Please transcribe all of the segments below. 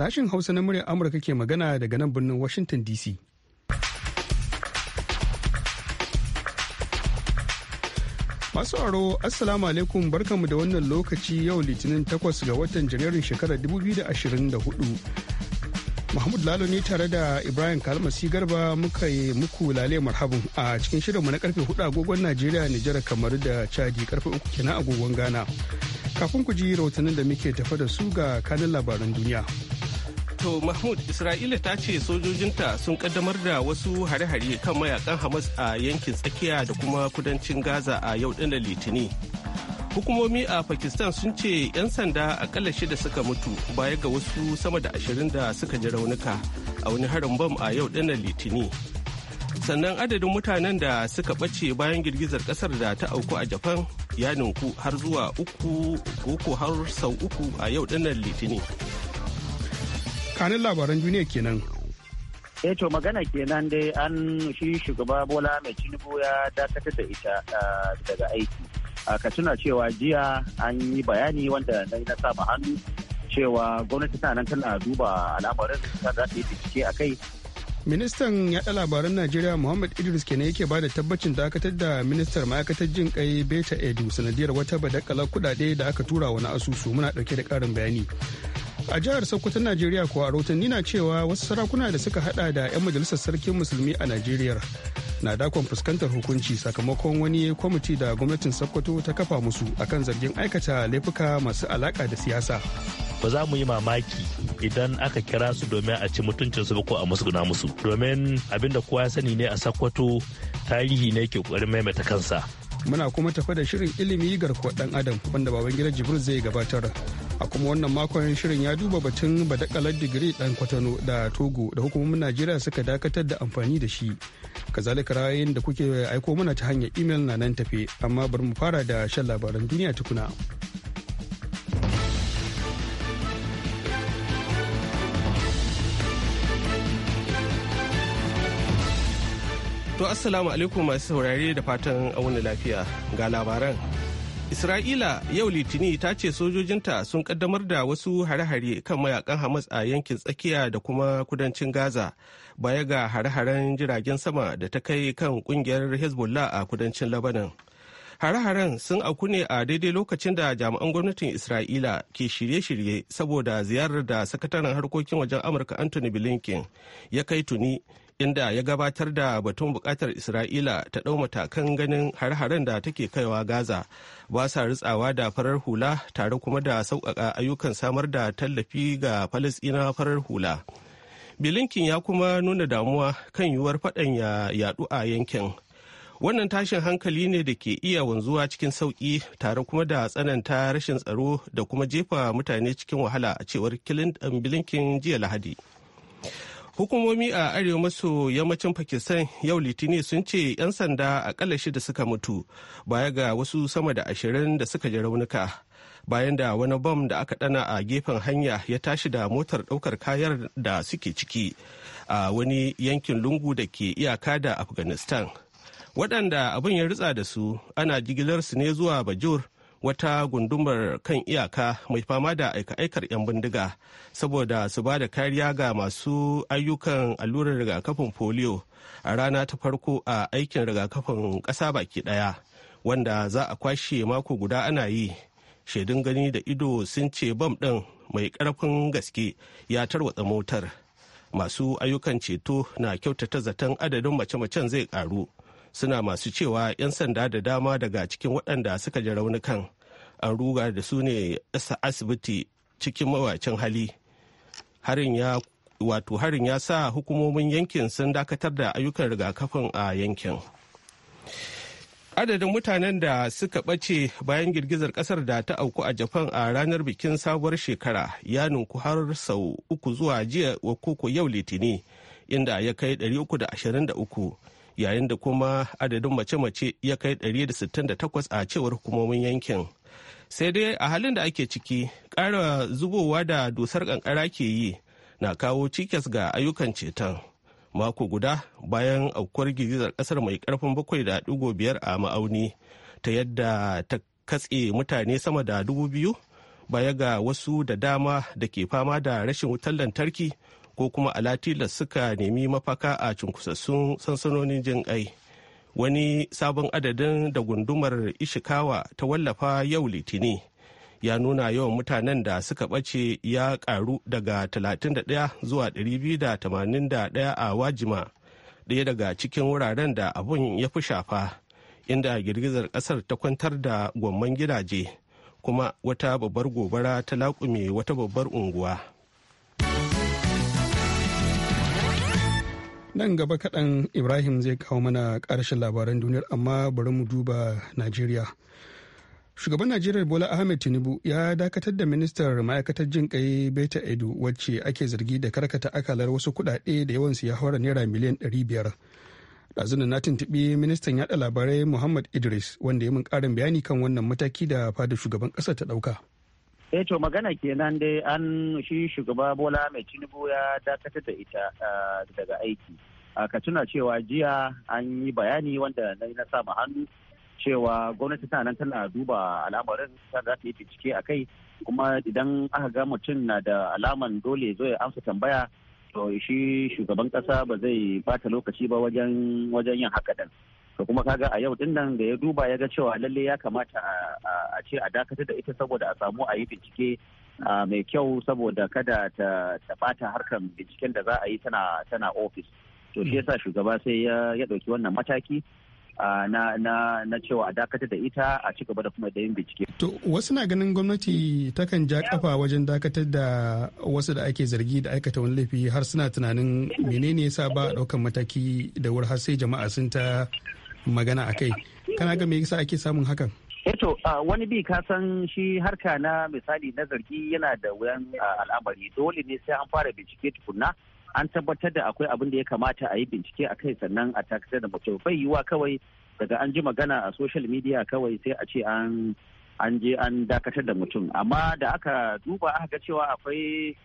sashen Hausa na muryar Amurka ke magana daga nan birnin Washington DC. Masu aro Assalamu alaikum barkanmu da wannan lokaci yau Litinin takwas ga watan Janairun shekarar 2024. Mahmud Lalo ne tare da Ibrahim Kalmasi Garba muka yi muku lale marhabin a cikin shirinmu na karfe 4 agogon Najeriya, Nijar, kamar da Chadi karfe 3 kenan agogon Ghana. Kafin ku ji rahotannin da muke tafa da su ga kanin labaran duniya. To Mahmud Isra'ila ta ce sojojinta sun kaddamar da wasu hare-hare kan mayakan Hamas a yankin tsakiya da kuma kudancin Gaza a yau ɗin Litini. Hukumomi a Pakistan sun ce 'yan sanda akalla shida suka mutu baya ga wasu sama da ashirin da suka ji raunuka a wani harin bam a yau ɗin Litini. Sannan adadin mutanen da suka ɓace bayan girgizar ƙasar da ta auku a Japan ya ninku har zuwa uku har sau uku a yau ɗin Litini. kanin labaran duniya kenan. eh to magana kenan dai an shi shugaba bola mai tinubu ya dakatar da ita ah, daga aiki ah, ka tuna cewa jiya an yi bayani wanda na yi na hannu cewa gwamnati ta nan tana duba al'amarin ta za ta yi bincike a kai ministan yaɗa labaran najeriya muhammad idris kenan yake bada tabbacin dakatar da ministar ma'aikatar jin kai beta edu sanadiyar wata badakalar kudade da aka tura wani asusu muna ɗauke da ƙarin bayani a jihar sokoto najeriya kuwa rahotanni na cewa wasu sarakuna da suka hada da 'yan majalisar sarkin musulmi a najeriya na dakon fuskantar hukunci sakamakon wani kwamiti da gwamnatin sokoto ta kafa musu akan zargin aikata laifuka masu alaka da siyasa ba za mu yi mamaki idan aka kira su domin a ci mutuncinsu ba ko a musguna musu domin abin da kowa ya sani ne a Sokoto tarihi ne ke kokarin maimaita kansa muna kuma tafa da shirin ilimi garkuwar dan adam wanda baban gidan jibril zai gabatar a kuma wannan makon shirin ya duba batun badakalar digiri dan kwatano da togo da hukumomin najeriya suka dakatar da amfani da shi kazalika ra'ayin da kuke aiko mana ta hanyar imel na nan tafe amma bari mu fara da shan labaran duniya tukuna To assalamu alaikum masu saurare da fatan auna lafiya ga labaran Isra'ila yau Litini ta ce sojojinta sun kaddamar da wasu hare-hare kan mayakan Hamas a yankin tsakiya da kuma kudancin Gaza baya ga hare-haren jiragen sama da ta kai kan kungiyar Hezbollah a kudancin Lebanon. Hare-haren sun auku ne a daidai lokacin da jami'an gwamnatin Isra'ila ke shirye-shirye saboda ziyarar da sakataren harkokin wajen Amurka Anthony Blinken ya kai tuni inda ya gabatar da batun bukatar isra'ila ta ɗau matakan ganin har-haren da take kaiwa gaza ba sa ritsawa da farar hula tare kuma da sauƙaƙa ayyukan samar da tallafi ga falasɗina farar hula bilinkin ya kuma nuna damuwa kan yiwuwar faɗan ya yaɗu a yankin wannan tashin hankali ne da ke iya wanzuwa cikin sauƙi tare kuma da tsananta rashin tsaro da kuma jefa mutane cikin wahala a cewar um, bilinkin jiya lahadi hukumomi a arewa maso yammacin pakistan yau litini sun ce 'yan sanda akalla shida suka mutu baya ga wasu sama da ashirin da suka ji raunuka bayan da wani bam da aka dana a gefen hanya ya tashi da motar daukar kayar da suke ciki a wani yankin lungu da ke iyaka da afghanistan waɗanda abin ya ritsa da su ana jigilar su ne zuwa bajor wata gundumar kan iyaka mai fama da aika-aikar 'yan bindiga saboda su ba da kariya ga masu ayyukan allurar rigakafin polio a rana ta farko a aikin rigakafin ƙasa baki ɗaya wanda za a kwashe mako guda ana yi shaidun gani da ido sun ce bam ɗin mai ƙarfin gaske ya tarwatsa motar masu ayyukan ceto na kyautata zaton adadin mace-macen zai ƙaru suna masu cewa 'yan sanda da dama daga cikin waɗanda suka ji raunukan an ruga da su ne asibiti cikin mawacin hali harin ya wato harin ya sa hukumomin yankin sun dakatar da ayyukan rigakafin a yankin adadin mutanen da suka ɓace bayan girgizar ƙasar da ta auku a japan a ranar bikin sabuwar shekara ya ninku har sau uku zuwa jiya wa koko yau litini inda ya kai 323 yayin da kuma adadin mace-mace ya kai 168 a cewar hukumomin yankin sai dai a halin da ake ciki ƙara zubowa da dusar kankara ke yi na kawo cikas ga ayyukan ceton mako guda bayan aukuwar girgizar ƙasar mai ƙarfin 7.5 a ma'auni ta yadda ta katse mutane sama da dubu biyu baya ga wasu da dama da ke fama da rashin wutar lantarki ko kuma alatilas suka nemi mafaka a cunkusassun sansanonin jin ƙai wani sabon adadin da gundumar ishikawa ta wallafa yau litini ya nuna yawan mutanen da suka ɓace ya ƙaru daga 31 zuwa 281 a wajima ɗaya daga cikin wuraren da abun ya fi shafa inda girgizar ƙasar ta kwantar da gwamman gidaje kuma wata babbar gobara ta laƙume wata babbar unguwa. nan gaba kaɗan ibrahim zai kawo mana ƙarshen labaran duniyar amma bari mu duba najeriya shugaban najeriya bola ahmed tinubu ya dakatar da ministar ma'aikatar jin kai beta edu wacce ake zargi da karkata akalar wasu kuɗaɗe da yawansu ya haura naira miliyan 500 ɗazunan na tuntuɓi ministan yaɗa labarai muhammad idris wanda ya mun ƙarin bayani kan wannan mataki da fada shugaban ƙasa ta ɗauka eh to magana kenan dai an shi shugaba bola mai tinubu ya dakatar da ita daga aiki ka tuna cewa jiya an yi bayani wanda na yi na hannu cewa gwamnati ta nan tana duba al'amarin ta za ta yi bincike a kai kuma idan aka ga mutum na da alaman dole zo ya amsa tambaya to shi shugaban kasa ba zai bata lokaci ba wajen yin haka din to kuma kaga a yau din nan da ya duba ya ga cewa lalle ya kamata a ce a dakatar da ita saboda a samu a yi bincike mai kyau saboda kada ta bata harkar binciken da za a yi tana tana ofis to shi hmm. yasa shugaba sai ya ɗauki wannan mataki na na na cewa a dakatar da ita a ci gaba da kuma da yin bincike. To wasu na ganin gwamnati takan ja kafa wajen dakatar da wasu da ake zargi da aikata wani laifi har suna tunanin menene yasa ba a ɗaukan mataki da wuri har sai jama'a sun ta magana a kai kana ga me yasa ake samun hakan eto eh wani bi ka san shi harka na misali na zargi yana da wuyan al'amari dole ne sai an fara bincike tukunna an tabbatar da akwai abin da ya kamata a yi bincike a kai sannan a takasar da mutum bai yiwa kawai daga an ji magana a social media kawai sai a ce an an je an dakatar da mutum amma da aka duba aka ga cewa akwai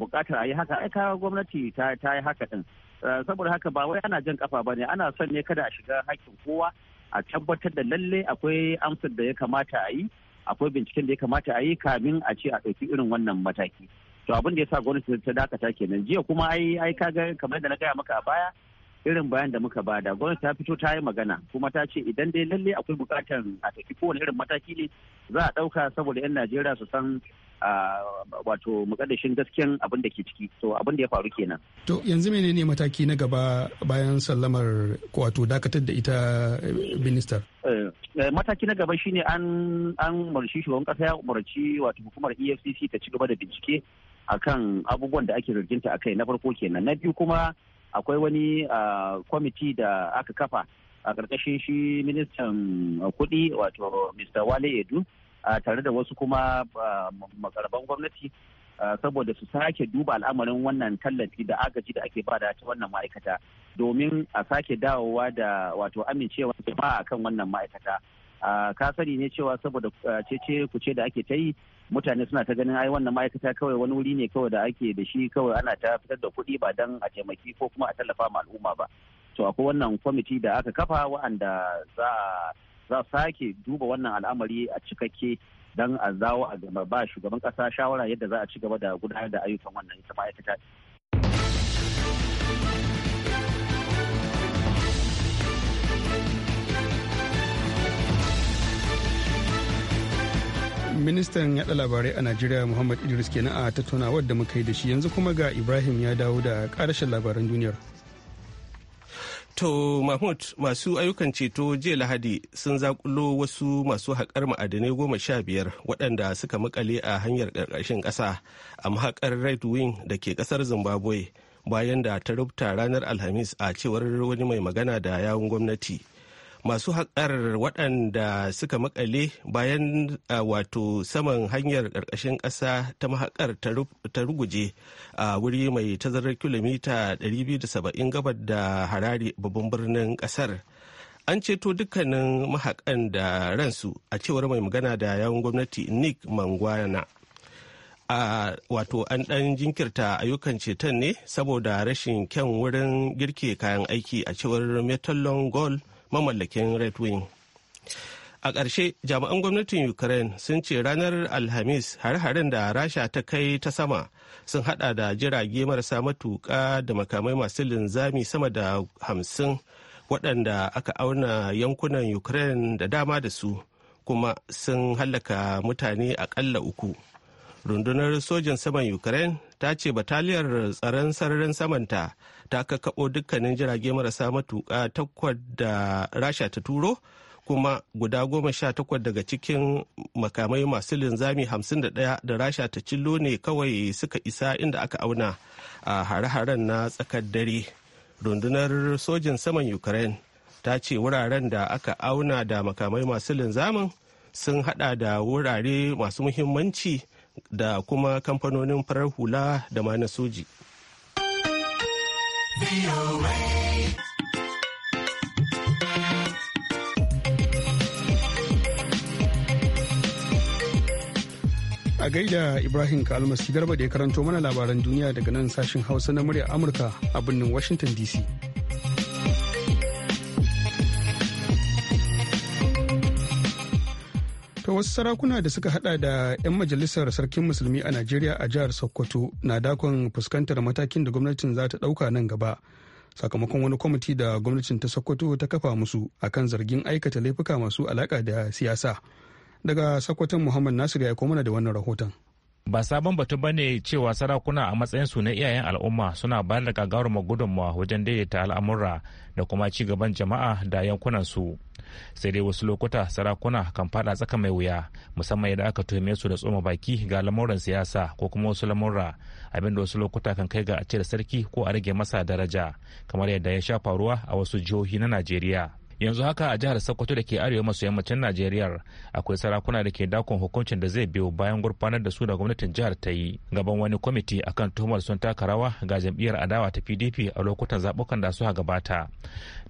bukatar a yi haka aika gwamnati ta yi haka din Eh, saboda haka ba wai ana jan kafa ba ne ana son ne kada a shiga hakkin kowa a tabbatar da lalle akwai amsar da ya kamata a yi akwai binciken da ya kamata a yi kamin a ce a ɗauki irin wannan mataki to abin da ya sa gwamnati ta dakata kenan jiya kuma ai ai kaga kamar da na gaya maka a baya irin bayan da muka bada gwamnati ta fito ta yi magana kuma ta ce idan dai lalle akwai bukatar a tafi kowane irin mataki ne za a ɗauka saboda 'yan najeriya su san wato mukaddashin gaskiyan abin da ke ciki to abin da ya faru kenan to yanzu menene mataki na gaba bayan sallamar wato dakatar da ita eh, minister eh, eh, mataki na gaba shine an an marci shugaban kasa ya umarci wato hukumar EFCC ta ci gaba da bincike akan abubuwan da ake a akai na farko kenan na biyu kuma akwai wani kwamiti da aka kafa a ƙarƙashin shi ministan kuɗi wato Mr. Wale Edu a tare da wasu kuma makarban gwamnati saboda su sake duba al'amarin wannan tallafi da agaji da ake bada ta wannan ma'aikata domin a sake dawowa da wato amincewa jama'a kan wannan ma'aikata ka sani ne cewa saboda cece kuce da ake ta yi mutane suna ta ganin ai wannan ma'aikata kawai wani wuri ne kawai da ake da shi kawai ana ta fitar da kuɗi ba dan a taimaki ko kuma a tallafa ma al'umma ba to akwai wannan kwamiti da aka kafa wa'anda za a za a sake duba wannan al'amari a cikakke don a zawo a gama ba shugaban kasa shawara yadda za a ci gaba da gudanar da ayyukan wannan ita ma'aikata ministan yada labarai a najeriya muhammad idris kenan a tattaunawar da muka yi da shi yanzu kuma ga ibrahim ya dawo da karshen labaran duniyar To Mahmud masu ayyukan ceto jiya Lahadi sun zakulo wasu masu haƙar ma'adanai goma sha biyar waɗanda suka makale a hanyar ƙarƙashin ƙasa a mahaƙar Red Wing da ke ƙasar Zimbabwe bayan da ta rubuta ranar Alhamis a cewar wani mai magana da yawun gwamnati. masu haƙar waɗanda suka makale bayan wato saman hanyar ƙarƙashin ƙasa ta mahaƙar ta ruguje a wuri mai tazarar kilomita 270 gabar da harare babban birnin ƙasar an ceto dukkanin mahaƙan da ransu a cewar mai magana da yawon gwamnati nick mangwana a wato an ɗan jinkirta ayyukan ceton ne saboda rashin kyan wurin girke kayan aiki a cewar metallon gold mamallakin red wing a ƙarshe jami'an gwamnatin ukraine sun ce ranar alhamis har-harin da rasha ta kai ta sama sun hada da jirage marasa matuƙa da makamai masu linzami sama da hamsin waɗanda aka auna yankunan ukraine da dama da su kuma sun hallaka mutane aƙalla uku rundunar sojin saman ukraine ta ce bataliyar tsaron sararin samanta ta kakkaɓo dukkanin jirage marasa matuƙa takwas da rasha ta turo kuma guda goma sha takwas daga cikin makamai masu linzami hamsin da ɗaya da rasha ta cillo ne kawai suka isa inda aka auna a hare-haren na tsakar dare rundunar sojin saman ukraine ta ce wuraren da aka auna da makamai masu linzamin sun hada da wurare masu muhimmanci da kuma kamfanonin farar hula da ma na soji. a gaida ibrahim kalmasi garba da ya karanto mana labaran duniya daga nan sashen hausa na murya amurka a birnin washington dc haka wasu sarakuna da suka hada da 'yan majalisar sarkin musulmi a najeriya a jihar sokoto na dakon fuskantar matakin da gwamnatin za ta dauka nan gaba sakamakon wani kwamiti da gwamnatin ta sokoto ta kafa musu akan zargin aikata laifuka masu alaka da siyasa daga sokoton muhammad nasir ya mana da wannan rahoton ba sabon batu ba ne cewa sarakuna a matsayinsu na iyayen al'umma suna bayar da gagarumar gudunmawa wajen daidaita al'amura da kuma ci gaban jama'a da yankunansu. su sai dai wasu lokuta sarakuna kan fada tsaka mai wuya musamman idan aka tuhume su da tsoma baki ga lamuran siyasa ko kuma wasu lamura abinda wasu lokuta kan kai ga a cire sarki ko a rage masa daraja kamar yadda ya sha faruwa a wasu jihohi na najeriya yanzu haka a jihar sokoto da ke arewa maso yammacin najeriya akwai sarakuna da ke dakon hukuncin da zai biyo bayan gurfanar da su da gwamnatin jihar ta yi gaban wani kwamiti a kan tuhumar sun taka rawa ga jam'iyyar adawa ta pdp a lokutan zaɓukan da su gabata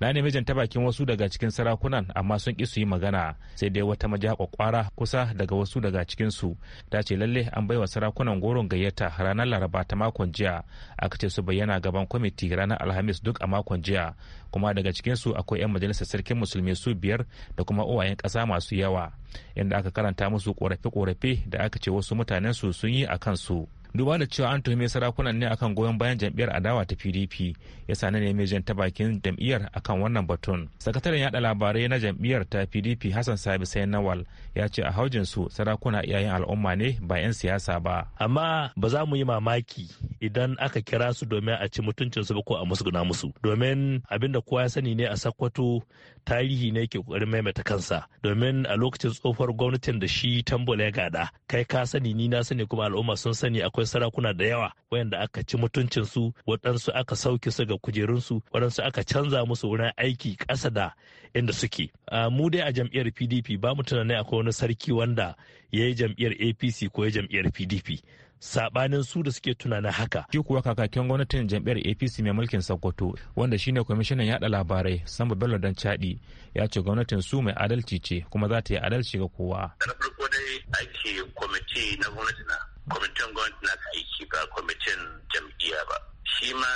na nemi jan ta bakin wasu daga cikin sarakunan amma sun ƙi su yi magana sai dai wata majiya kwakwara kusa daga wasu daga cikin su ta ce lalle an baiwa sarakunan goron gayyata ranar laraba ta makon jiya aka ce su bayyana gaban kwamiti ranar alhamis duk a makon jiya kuma daga cikinsu akwai 'yan majalisar sarkin musulmi su biyar da kuma uwayen ƙasa masu yawa inda aka karanta musu ƙorafe-ƙorafe da aka ce wasu mutanen su sun yi a kansu. duba da cewa an tuhume sarakunan ne akan goyon bayan jam'iyyar adawa ta pdp ya sa na neme jan ta bakin jam'iyyar akan wannan batun sakataren yada labarai na jam'iyyar ta pdp hassan sabi sai nawal ya ce a haujin su sarakuna iyayen al'umma ne ba 'yan siyasa ba amma ba za mu yi mamaki idan aka kira su domin a ci mutuncin su ba ko a musguna musu domin abinda kowa ya sani ne a sakwato tarihi ne ke kokarin maimaita kansa domin a lokacin tsofar gwamnatin da shi tambola ya gada kai ka sani ni na sani kuma al'umma sun sani akwai sarakuna da yawa wayanda aka ci mutuncin su waɗansu aka sauke su ga kujerunsu su waɗansu aka canza musu wurin aiki ƙasa da inda suke mu dai a jam'iyyar pdp ba mu tunanin akwai wani sarki wanda ya yi jam'iyyar apc ko ya jam'iyyar pdp sabanin su da suke tunanin haka. Shi kuwa kakakin gwamnatin jam'iyyar APC mai mulkin Sokoto wanda shine kwamishinan yada labarai sanba Bello dan Chadi ya ce gwamnatin su mai adalci ce kuma za ta yi adalci ga kowa. Na farko dai ake kwamiti na gwamnati na kwamitin gwamnati na aiki ba kwamitin jam'iyya ba shi ma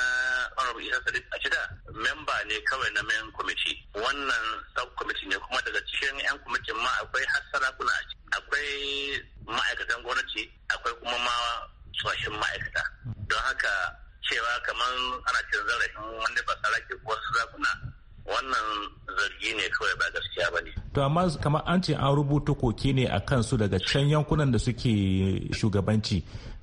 honorable isa sadi a memba ne kawai na main kwamiti wannan sub kwamiti ne kuma daga cikin yan kwamitin ma akwai hassara kuna akwai ma'aikatan gwamnati akwai kuma ma tsohon ma'aikata don haka cewa kamar ana cin zarafin wani ba tsara ke wasu zakuna wannan zargi ne kawai ba gaskiya ba ne. To amma kamar an ce an rubuta koke ne a kansu daga can yankunan da suke shugabanci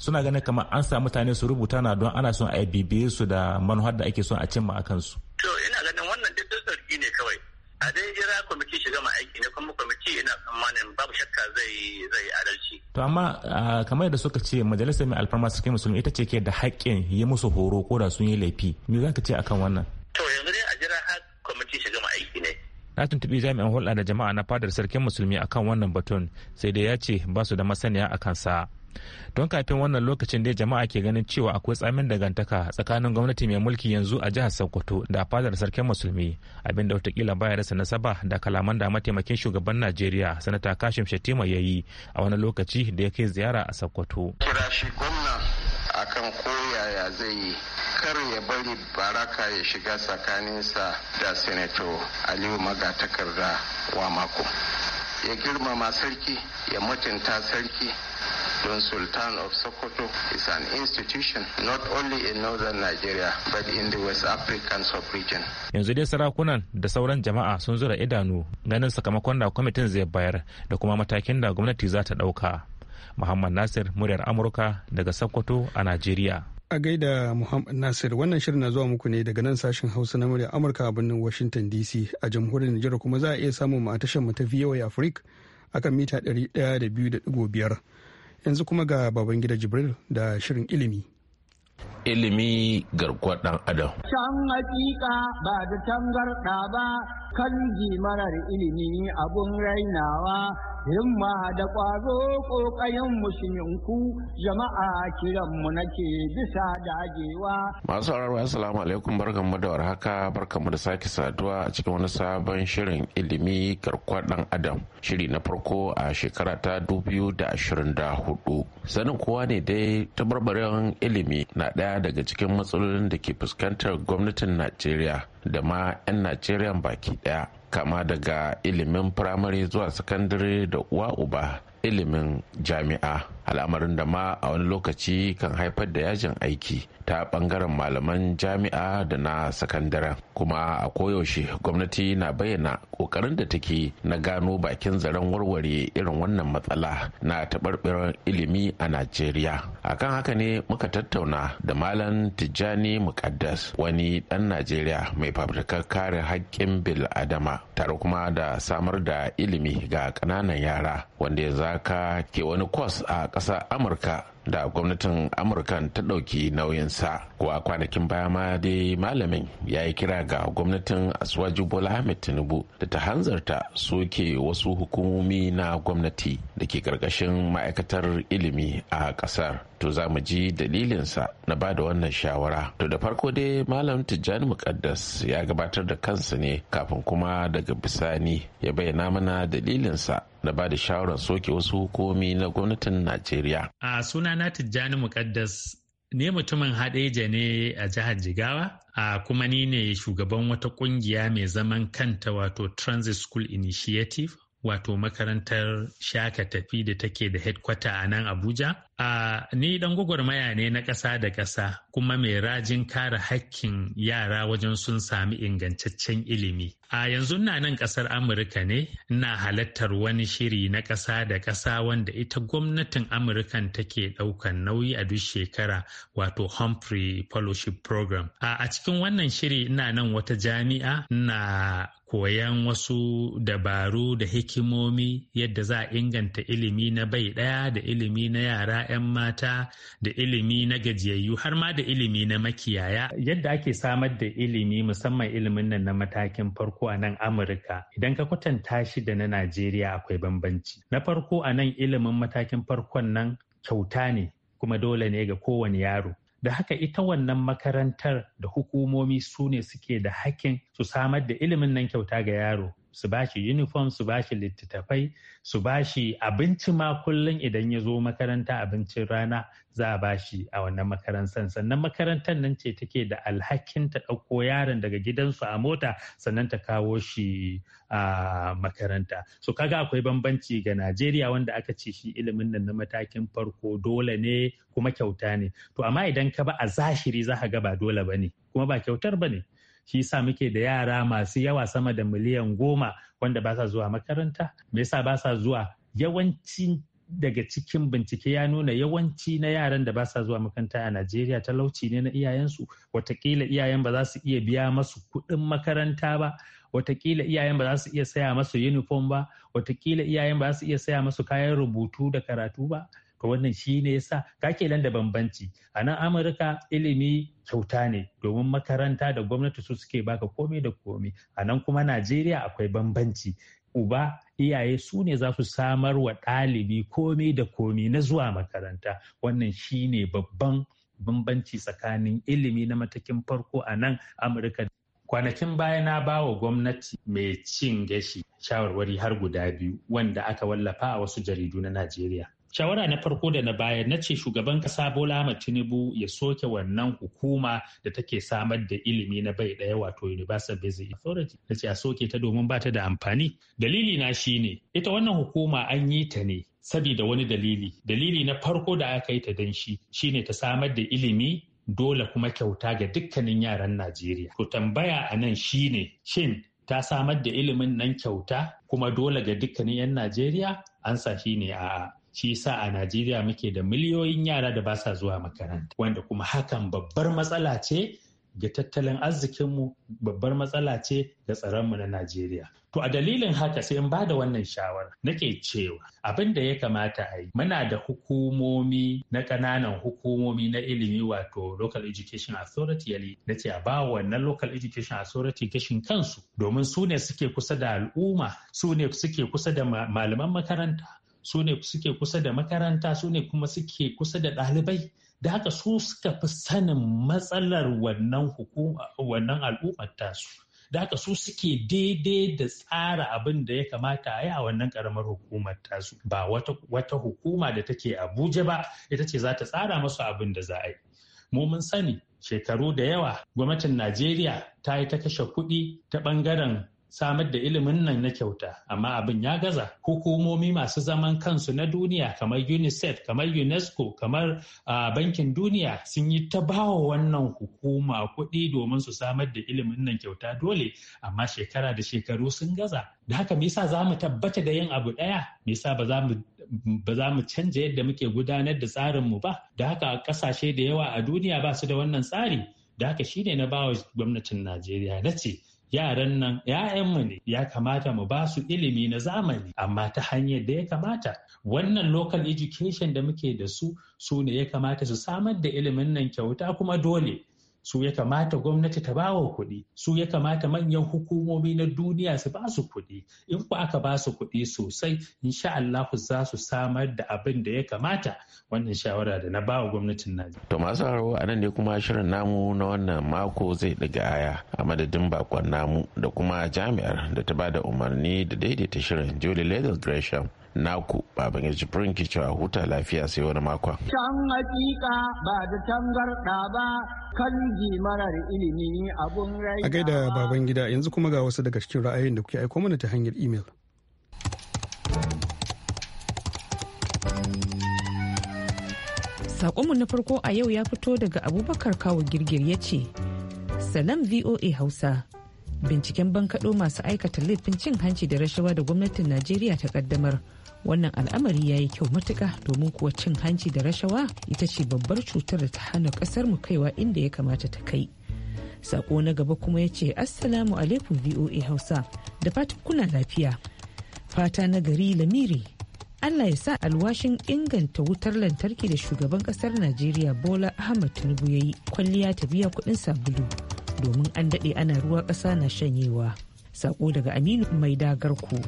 suna ganin kamar an sa mutane su rubuta na don ana son a bibiye su da manuhar da ake son a cimma a kansu. To ina ganin wannan duk zargi ne kawai. A dai jira kwamiti shiga ma aiki ne kuma kwamiti ina tsammanin babu shakka zai zai adalci. To amma kamar yadda suka ce majalisar mai alfarma suke musulmi ita ce ke da haƙƙin yi musu horo ko da sun yi laifi. Me za ka ce akan wannan? To yanzu na tuntubi jami'an hulɗa da jama'a na fadar sarkin musulmi akan wannan batun sai dai ya ce ba su da masaniya a kansa don kafin wannan lokacin dai jama'a ke ganin cewa akwai tsamin dangantaka tsakanin gwamnati mai mulki yanzu a jihar sokoto da fadar sarkin musulmi abin da watakila baya rasa nasaba da kalaman da mataimakin shugaban najeriya sanata kashim shatima ya yi a wani lokaci da ya kai ziyara a sokoto kira shi gwamna akan koyaya zai kar ya bari baraka ya shiga tsakaninsa da senator aliyu magatakarda wa mako ya girmama sarki ya mutunta sarki don Sultan of Sokoto is an institution not only in northern Nigeria but in the West African sub-region. Yanzu dai sarakunan da sauran jama'a sun zura idanu ganin sakamakon da kwamitin zai bayar da kuma matakin da gwamnati za ta ɗauka. Muhammad Nasir muryar Amurka daga Sokoto a Najeriya. A gaida Muhammad Nasir wannan shirin na zuwa muku ne daga nan sashen Hausa na murya Amurka a birnin Washington DC a jamhuriyar Nijar kuma za a iya samun mu a tashar mu ta VOA Africa akan mita 102.5. Yanzu kuma ga baban gida Jibril da shirin ilimi. Ilimi garkuwar dan adam. Can hakika ba da tangarɗa ba kan marar ilimi abun rainawa himma da ƙwazo ƙoƙayen musulminku jama'a kiranmu nake bisa dagewa. Masu sauraro assalamu alaikum barkanmu da warhaka barkanmu da sake saduwa a cikin wani sabon shirin ilimi garkuwar ɗan adam shiri na farko a shekara ta hudu sanin kowa ne dai tabarbarin ilimi na ɗaya daga cikin matsalolin da ke fuskantar gwamnatin najeriya da ma 'yan najeriya baki ɗaya kama daga ilimin firamare zuwa sakandare da uwa uba ilimin jami'a al'amarin da ma a wani lokaci kan haifar da yajin aiki ta bangaren malaman jami'a da na sakandaren kuma a koyaushe gwamnati na bayyana kokarin da take na gano bakin zaren warware irin wannan matsala na taɓarɓirar ilimi a najeriya akan haka ne muka tattauna da malam tijjani mukaddas wani ɗan najeriya mai fabrikar kare haƙƙin bil adama tare kuma da samar da ilimi ga ƙananan yara wanda ya haka ke wani kwas a ƙasar amurka da gwamnatin amurkan ta ɗauki nauyinsa kuwa kwanakin baya ma dai malamin ya yi kira ga gwamnatin asuwaji bola ahmed tinubu da ta hanzarta soke wasu hukumomi na gwamnati da ke ƙarƙashin ma'aikatar ilimi a ƙasar to za mu ji dalilinsa na ba da wannan shawara to da farko dai malam tijjani mukaddas ya gabatar da kansa ne kafin kuma daga bisani ya bayyana mana dalilinsa na ba da shawarar soke wasu hukumomi na gwamnatin najeriya a suna sunana Tijjani Muƙaddas ne mutumin haɗeja ne a jihar Jigawa, a kuma ni ne shugaban wata ƙungiya mai zaman kanta wato Transit School Initiative, wato makarantar shaka tafi da take da headquarter a nan Abuja, A ni dan gwagwarmaya ne na ƙasa da ƙasa kuma mai rajin kare hakkin yara wajen sun sami ingantaccen ilimi. A yanzu na nan ƙasar Amurka ne na halattar wani shiri na ƙasa da ƙasa wanda ita gwamnatin Amurkan take ɗaukar nauyi a duk shekara wato Humphrey Fellowship Program. A cikin wannan shiri ina nan wata jami'a na koyan wasu dabaru da hikimomi yadda za a inganta ilimi na bai ɗaya da ilimi na yara 'yan mata da ilimi na gajiyayyu har ma da ilimi na makiyaya yadda ake samar da ilimi musamman ilimin nan na matakin farko a nan amurka idan ka kwatanta shi da na najeriya akwai bambanci na farko a nan ilimin matakin farkon nan kyauta ne kuma dole ne ga kowane yaro da haka ita wannan makarantar da hukumomi su ne suke da hakkin su samar da ilimin nan kyauta ga yaro su ba shi uniform su bashi littattafai su bashi abinci ma kullum idan ya zo makaranta abincin rana za a bashi a wannan makarantar sannan makarantar nan ce take da alhakin ta ɗauko yaron daga gidansu a mota sannan ta kawo shi a makaranta so kaga akwai bambanci ga najeriya wanda aka ce shi ilimin nan na matakin farko dole ne kuma kyauta ne to amma idan ka ba a zahiri za ka ga ba dole ba ne kuma ba kyautar ba ne shi yasa muke da yara masu yawa sama da miliyan goma wanda ba sa zuwa makaranta me yasa ba sa zuwa yawanci daga cikin bincike ya nuna yawanci na yaran da ba sa zuwa makaranta a Najeriya talauci ne na iyayensu watakila iyayen ba za su iya biya masu kuɗin makaranta ba watakila iyayen ba za su iya saya masu uniform ba watakila iyayen ba za su iya saya masu kayan rubutu da karatu ba wannan shi ne yasa nan da bambanci a nan amurka ilimi kyauta ne domin makaranta da gwamnati su suke baka komai da komai a nan kuma najeriya akwai bambanci uba iyaye su ne za su samar wa ɗalibi komai da komai na zuwa makaranta wannan shi ne babban bambanci tsakanin ilimi na matakin farko a nan amurka kwanakin baya na ba wa gwamnati mai cin gashi shawarwari har guda biyu wanda aka wallafa a wasu jaridu na najeriya shawara na farko da na baya na ce shugaban kasa bola ahmad tinubu ya soke wannan hukuma da take samar da ilimi na bai daya wato universal basic authority na ce a soke ta domin ba ta da amfani dalili na shi ne. ita wannan hukuma an yi ta ne sabida wani dalili dalili na farko da aka yi ta dan shi shine ta samar da ilimi dole kuma kyauta ga dukkanin yaran najeriya to tambaya a nan shine shin ta samar da ilimin nan kyauta kuma dole ga dukkanin 'yan najeriya an sa ne a'a shi sa a najeriya muke da miliyoyin yara da ba sa zuwa makaranta wanda kuma hakan babbar matsala ce ga tattalin arzikinmu babbar matsala ce ga tsaronmu na Najeriya. To a dalilin haka sai in bada wannan shawara nake cewa abin da ya kamata a yi muna da hukumomi na ƙananan hukumomi na ilimi wato local education authority yali na ce a ba wannan local education authority gashin kansu domin su ne suke kusa da al'umma su ne suke kusa da malaman makaranta su ne suke kusa da makaranta su ne kuma suke kusa da ɗalibai da haka su suka fi sanin matsalar wannan wannan al'ummar tasu da haka su suke daidai da tsara abin da ya kamata a yi a wannan karamar hukumar tasu ba wata hukuma da take abuja ba ita ce za ta tsara masu abin da za a yi mu mun sani shekaru da yawa gwamnatin najeriya ta yi ta kashe kuɗi ta ɓangaren samar da ilimin nan na kyauta amma abin ya gaza hukumomi masu zaman kansu na duniya kamar unicef kamar unesco kamar bankin duniya sun yi ta bawa wannan hukuma kuɗi domin su samar da ilimin nan kyauta dole amma shekara da shekaru sun gaza da haka me yasa za mu tabbata da yin abu ɗaya me yasa ba za mu ba canja yadda muke gudanar da tsarin mu ba da haka kasashe da yawa a duniya ba su da wannan tsari da haka shine na bawa gwamnatin najeriya na ce yaran nan ‘ya'yanmu ne ya kamata mu ba su ilimi na zamani amma ta hanyar da ya kamata wannan local education da muke da su su ne ya kamata su samar da ilimin nan kyauta kuma dole su ya kamata gwamnati ta ba wa kuɗi su ya kamata manyan hukumomi na duniya su ba su kuɗi in ku aka ba su kuɗi sosai insha Allah za su samar da abin da ya kamata wannan shawara da na ba wa gwamnatin Najeriya. To masu haro a nan ne kuma shirin namu na wannan mako zai ɗaga aya a madadin bakon namu da kuma jami'ar da ta ba da umarni da daidaita shirin Julie Leather Gresham. naku babangiji yaji furin cewa huta lafiya sai wani makon. Can hakika ba da tangarɗa ba kan marar ilimi abun rai. A gaida baban yanzu kuma ga wasu daga cikin ra'ayoyin da kuke aiko mana ta hanyar imel. Sakonmu na farko a yau ya fito daga abubakar kawo girgir ya ce, Salam VOA Hausa. Binciken bankaɗo masu aikata laifin cin hanci da rashawa da gwamnatin Najeriya ta ƙaddamar. wannan al'amari ya yi kyau matuka domin kuwa cin hanci da rashawa ita ce babbar cutar da ta hana kasar mu kaiwa inda ya kamata ta kai sako na gaba kuma ya ce assalamu alaikum voa hausa da fatan kuna lafiya fata na gari lamiri allah ya sa alwashin inganta wutar lantarki da shugaban kasar najeriya bola ahmad tinubu ya yi kwalliya ta biya kuɗin sabulu domin an daɗe ana ruwa ƙasa na shanyewa sako daga aminu mai dagarku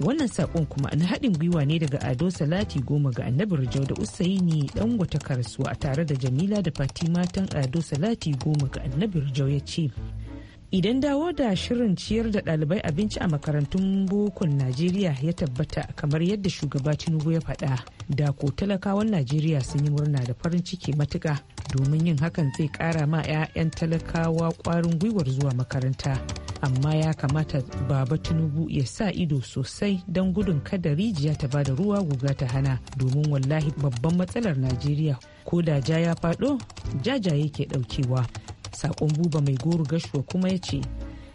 wannan sakon kuma na haɗin gwiwa ne daga ado salati goma ga annabi rijau da usaini dan wata karsuwa tare da jamila da fatima tan ado salati goma ga annabi rijau ya ce idan dawo da shirin ciyar da ɗalibai abinci a makarantun bokon najeriya ya tabbata kamar yadda shugaba tinubu ya faɗa da ko talakawan najeriya sun yi murna da farin ciki matuka domin yin hakan zai kara ma 'ya'yan talakawa kwarin gwiwar zuwa makaranta amma ya kamata baba tinubu ya sa ido sosai don gudun kada rijiya ta bada ruwa guga ta hana domin wallahi babban matsalar najeriya ko da ja ya faɗo jajaye ke ɗaukewa sakon buba mai goro gashuwa kuma ya ce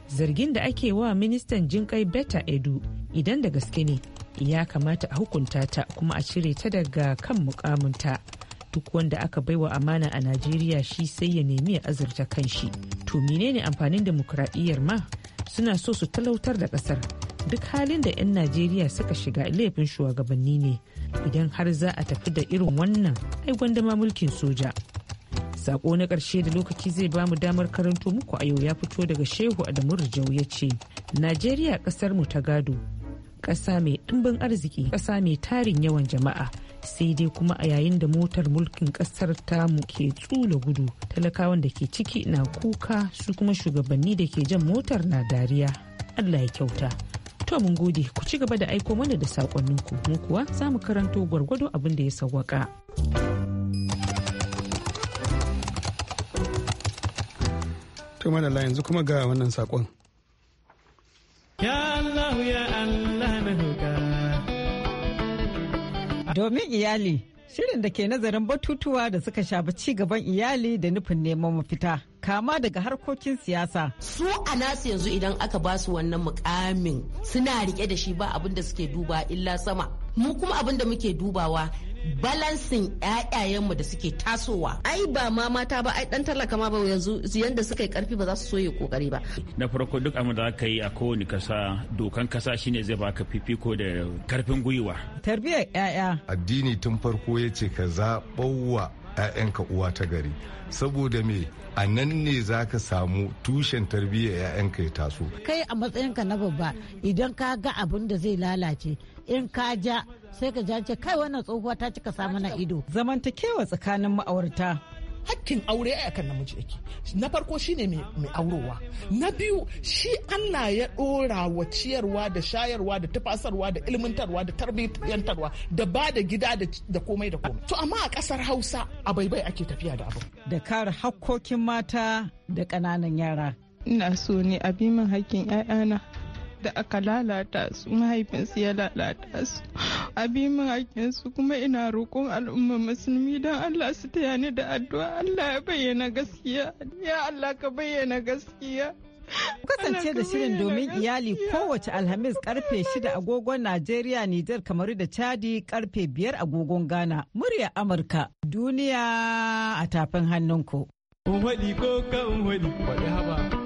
zargin da ake wa ministan jinkai beta edu idan da gaske ne ya kamata a hukunta ta kuma a cire ta daga kan ta. duk wanda aka baiwa amana a najeriya shi sai ya nemi ya azurta kanshi to menene amfanin demokuraɗiyyar ma suna so su talautar da ƙasar duk halin da 'yan najeriya suka shiga laifin shugabanni ne idan har za a tafi da irin wannan ai gwandama mulkin soja sako na ƙarshe da lokaci zai bamu damar karanto muku a yau ya fito daga shehu adamu rijau ya ce najeriya ƙasar mu ta gado ƙasa mai ɗimbin arziki ƙasa mai tarin yawan jama'a sai dai kuma a yayin da motar mulkin kasar mu ke tsula gudu talakawan da ke ciki na kuka su kuma shugabanni da ke jan motar na dariya allah ya kyauta to mun gode ku ci gaba da aiko mana da saƙonninku mu kuwa za mu karanto gwargwado abin da ya sawwaka. to yanzu kuma ga wannan saƙon. Ya Allah ya Domin iyali, shirin da ke nazarin batutuwa da suka shafi ci gaban iyali da nufin neman mafita, kama daga harkokin siyasa. Su a nasu yanzu idan aka basu wannan mukamin suna rike da shi ba abin da suke duba illa sama. mu kuma abin da muke dubawa balansin mu da suke tasowa ai ba ma mata ba ai dan talaka ma ba yanzu yanda suka yi karfi ba za su so yi kokari ba na farko duk abin da aka yi a kowane kasa dokan kasa shine zai baka fifiko da karfin gwiwa tarbiyyar yaya addini tun farko ya ce ka zaɓowa ‘ya'yanka uwa ta gari saboda me a nan ne za ka samu tushen tarbiyyar ‘ya'yanka ya taso kai a matsayinka na babba idan ka ga abin da zai lalace in ka ja sai ka ja ce kai wannan tsohuwa ta cika samu na ido zamantakewa tsakanin ma'aurata hakkin aure a kan namiji yake na farko shine mai aurowa na biyu shi Allah ya dora wa ciyarwa da shayarwa da tafasarwa da ilmantarwa da tarbiyyantarwa da ba da gida da komai da komai to amma a kasar Hausa a baibai ake tafiya da abu da kare hakkokin mata da ƙananan yara ina so ne a bi min hakkin 'ya'yana da aka lalata su mahaifinsu ya lalata su abin mahaifinsu kuma ina roƙon al'umma musulmi don Allah su taya ni da addu'a Allah ya bayyana gaskiya ya Allah ka bayyana gaskiya kasance da shirin domin iyali kowace alhamis karfe shida agogon najeriya nijar kamaru da chadi karfe biyar agogon ghana murya amurka duniya a tafin hannunku. ko kan haba.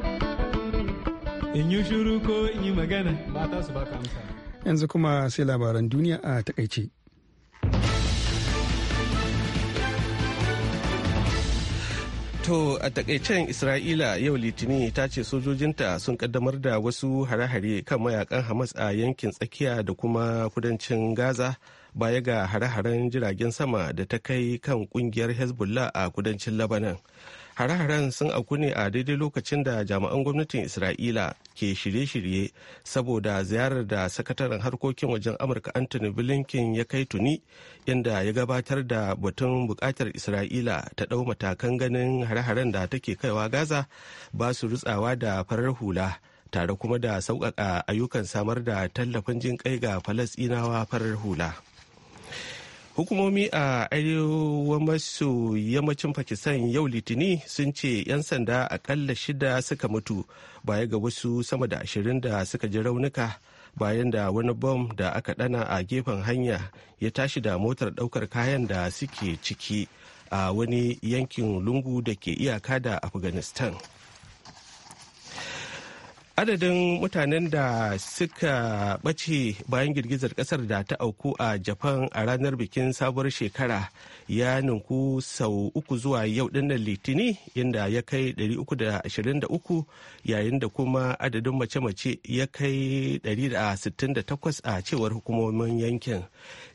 in yi shuru ko in yi magana mata su baka amsa yanzu kuma sai labaran duniya a takaice To a takaicen Isra'ila yau litini ta ce sojojinta sun kaddamar da wasu hare-hare kan mayakan Hamas a yankin tsakiya da kuma kudancin Gaza baya ga hare-haren jiragen sama da ta kai kan kungiyar Hezbollah a kudancin Lebanon. Hare-haren sun auku ne a daidai lokacin da jami'an gwamnatin Isra'ila ke shirye-shirye saboda ziyarar da sakataren harkokin wajen Amurka Anthony Blinken ya kai tuni inda ya gabatar da batun bukatar Isra'ila ta ɗau matakan ganin hare-haren da take kaiwa Gaza ba su rutsawa da farar hula tare kuma da sauƙaƙa ayyukan samar da tallafin jin kai ga Falasɗinawa farar hula. hukumomi a arewa maso yammacin pakistan yau litini sun ce 'yan sanda akalla shida suka mutu baya ga wasu sama da ashirin da suka ji raunuka bayan da wani bom da aka dana a gefen hanya ya tashi da motar daukar kayan da suke ciki a wani yankin lungu da ke iyaka da afghanistan adadin mutanen da suka ɓace bayan girgizar ƙasar da ta auku a japan a ranar bikin sabuwar shekara ya ninku sau uku zuwa yau dinnan litini inda ya kai 323 yayin da kuma adadin mace-mace ya kai 168 a cewar hukumomin yankin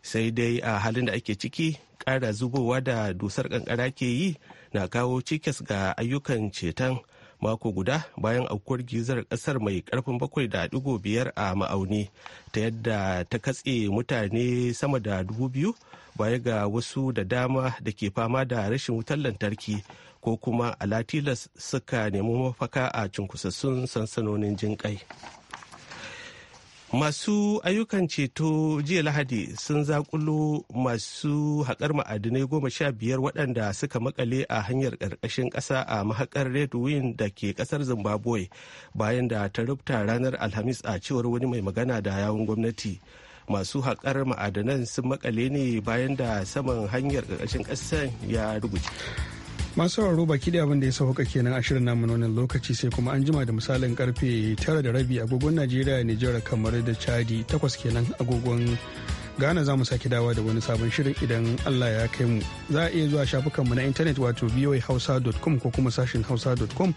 sai dai a halin da ake ciki ƙara zubowa da dusar ƙanƙara ke yi na kawo cikas ga ayyukan ceton. mako guda bayan aukuwar gizar kasar mai karfin bakwai da digo biyar a ma'auni ta yadda ta katse mutane sama da dubu biyu baya ga wasu da dama da ke fama da rashin wutar lantarki ko kuma alatilas suka nemi mafaka a cunkusassun sansanonin jinƙai. masu ayyukan ceto jiya lahadi sun zakulo masu haƙar ma'adinai goma sha biyar waɗanda suka makale a hanyar ƙarƙashin ƙasa a mahaƙar red wing da ke ƙasar zimbabwe bayan da ta rubuta ranar alhamis a cewar wani mai magana da yawun gwamnati masu haƙar ma'adanan sun makale ne bayan da saman hanyar ƙarƙashin ƙasar ya rubuce masu sauraro baki da abin da ya sauka kenan a shirin namu wannan lokaci sai kuma an jima da misalin karfe tara da rabi agogon najeriya nijar kamar da chadi takwas kenan agogon Ghana za mu sake dawa da wani sabon shirin idan Allah ya kai mu. Za a iya zuwa shafukanmu na intanet wato voahausa.com ko kuma sashin hausa.com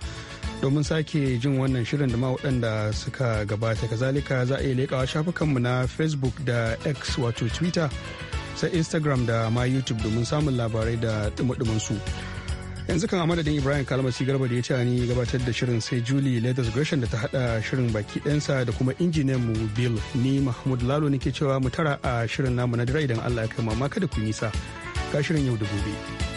domin sake jin wannan shirin da ma waɗanda suka gabata. Kazalika za a iya leƙawa shafukanmu na Facebook da X wato Twitter sai Instagram da ma YouTube domin samun labarai da ɗumuɗumin su. yanzu kan amadadin ibrahim kalmar garba da ya ce ni gabatar da shirin sai julie latest gresham da ta hada shirin baki ɗansa da kuma injiniyan mu bill ni mahmud lalo nake cewa mu tara a shirin namu na dira idan allah ya kai mama kada ku nisa ka shirin yau da gobe.